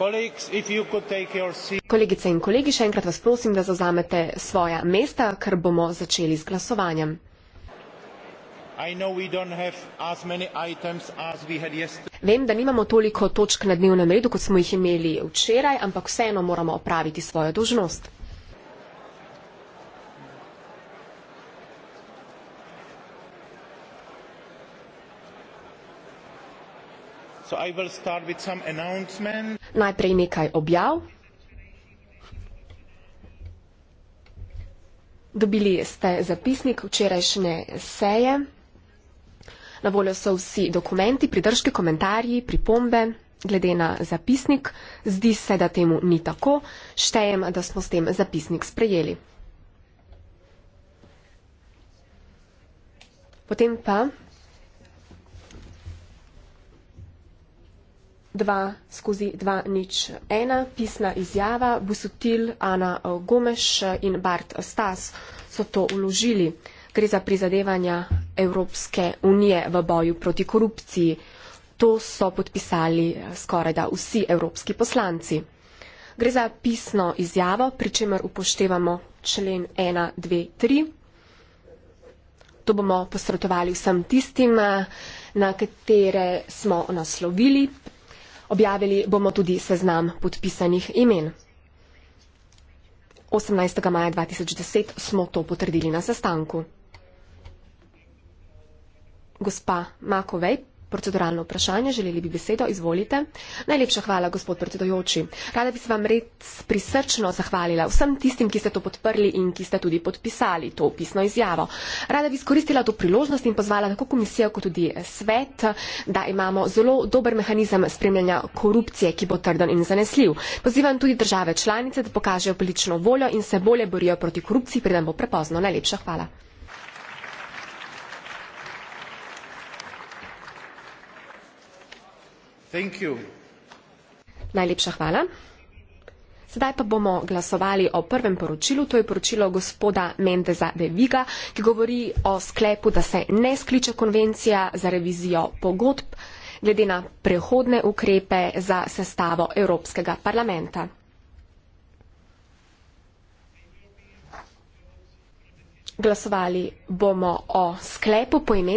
Kolegice in kolegi, še enkrat vas prosim, da zazamete svoja mesta, ker bomo začeli z glasovanjem. Vem, da nimamo toliko točk na dnevnem redu, kot smo jih imeli včeraj, ampak vseeno moramo opraviti svojo dožnost. Najprej nekaj objav. Dobili ste zapisnik včerajšnje seje. Na voljo so vsi dokumenti, pridržki, komentarji, pripombe. Glede na zapisnik, zdi se, da temu ni tako, štejem, da smo s tem zapisnik sprejeli. Potem pa 2 skozi 2 nič 1, pisna izjava, Busutil, Ana eh, Gomeš eh, in Bart Stas so to uložili. Gre za prizadevanja Evropske unije v boju proti korupciji. To so podpisali eh, skoraj da vsi evropski poslanci. Gre za pisno izjavo, pri čemer upoštevamo člen 1, 2, 3. To bomo posredovali vsem tistim, na katere smo naslovili Objavili bomo tudi seznam podpisanih imen. 18. maja 2010 smo to potrdili na sestanku. Gospa Makovej, proceduralno vprašanje. Želeli bi besedo, izvolite. Najlepša hvala, gospod predsedojoči. Rada bi se vam res prisrčno zahvalila vsem tistim, ki ste to podprli in ki ste tudi podpisali to pisno izjavo. Rada bi izkoristila to priložnost in pozvala tako komisijo kot tudi svet, da imamo zelo dober mehanizem spremljanja korupcije, ki bo trden in zanesljiv. Pozivam tudi države članice, da pokažejo politično voljo in se bolje borijo proti korupciji, preden bo prepozno. Najlepša hvala. Najlepša hvala. Zdaj pa bomo glasovali o prvem poročilu, to je poročilo gospoda Mendeza de Viga, ki govori o sklepu, da se ne skliče konvencija za revizijo pogodb glede na prehodne ukrepe za sestavo Evropskega parlamenta. Glasovali bomo o sklepu po imenu.